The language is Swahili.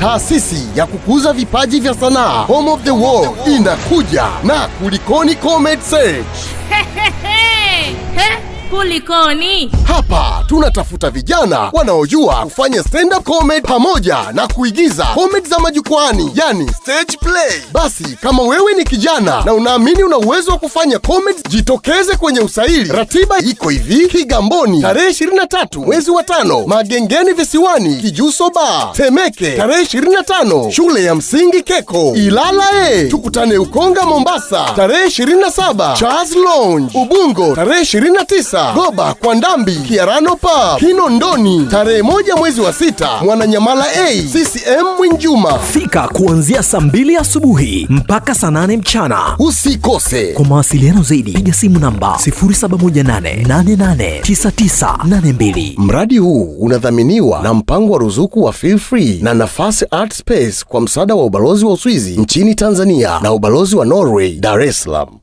taasisi ya kukuza vipaji vya sanaa Home of the World inakuja na Kulikoni Comedy Search Kulikoni? Hapa tunatafuta vijana wanaojua kufanya stand up comedy pamoja na kuigiza comedy za majukwani, yani stage play. Basi kama wewe ni kijana na unaamini una uwezo wa kufanya comedy, jitokeze kwenye usaili. Ratiba iko hivi: Kigamboni tarehe 23 mwezi wa tano, Magengeni Visiwani Kijuso Bar, Temeke tarehe 25, shule ya msingi Keko Ilala e. Tukutane Ukonga Mombasa tarehe 27, Charles Lounge Ubungo tarehe 29 Tabora, Goba kwa Ndambi, Kiarano Pub, Kinondoni, tarehe moja mwezi wa sita, Mwananyamala A, CCM Mwinjuma. Fika kuanzia saa mbili asubuhi mpaka saa nane mchana, usikose. Kwa mawasiliano zaidi piga simu namba 0718889982. Mradi huu unadhaminiwa na mpango wa ruzuku wa Feel Free na Nafasi Art Space kwa msaada wa ubalozi wa Uswizi nchini Tanzania na ubalozi wa Norway Dar es Salaam.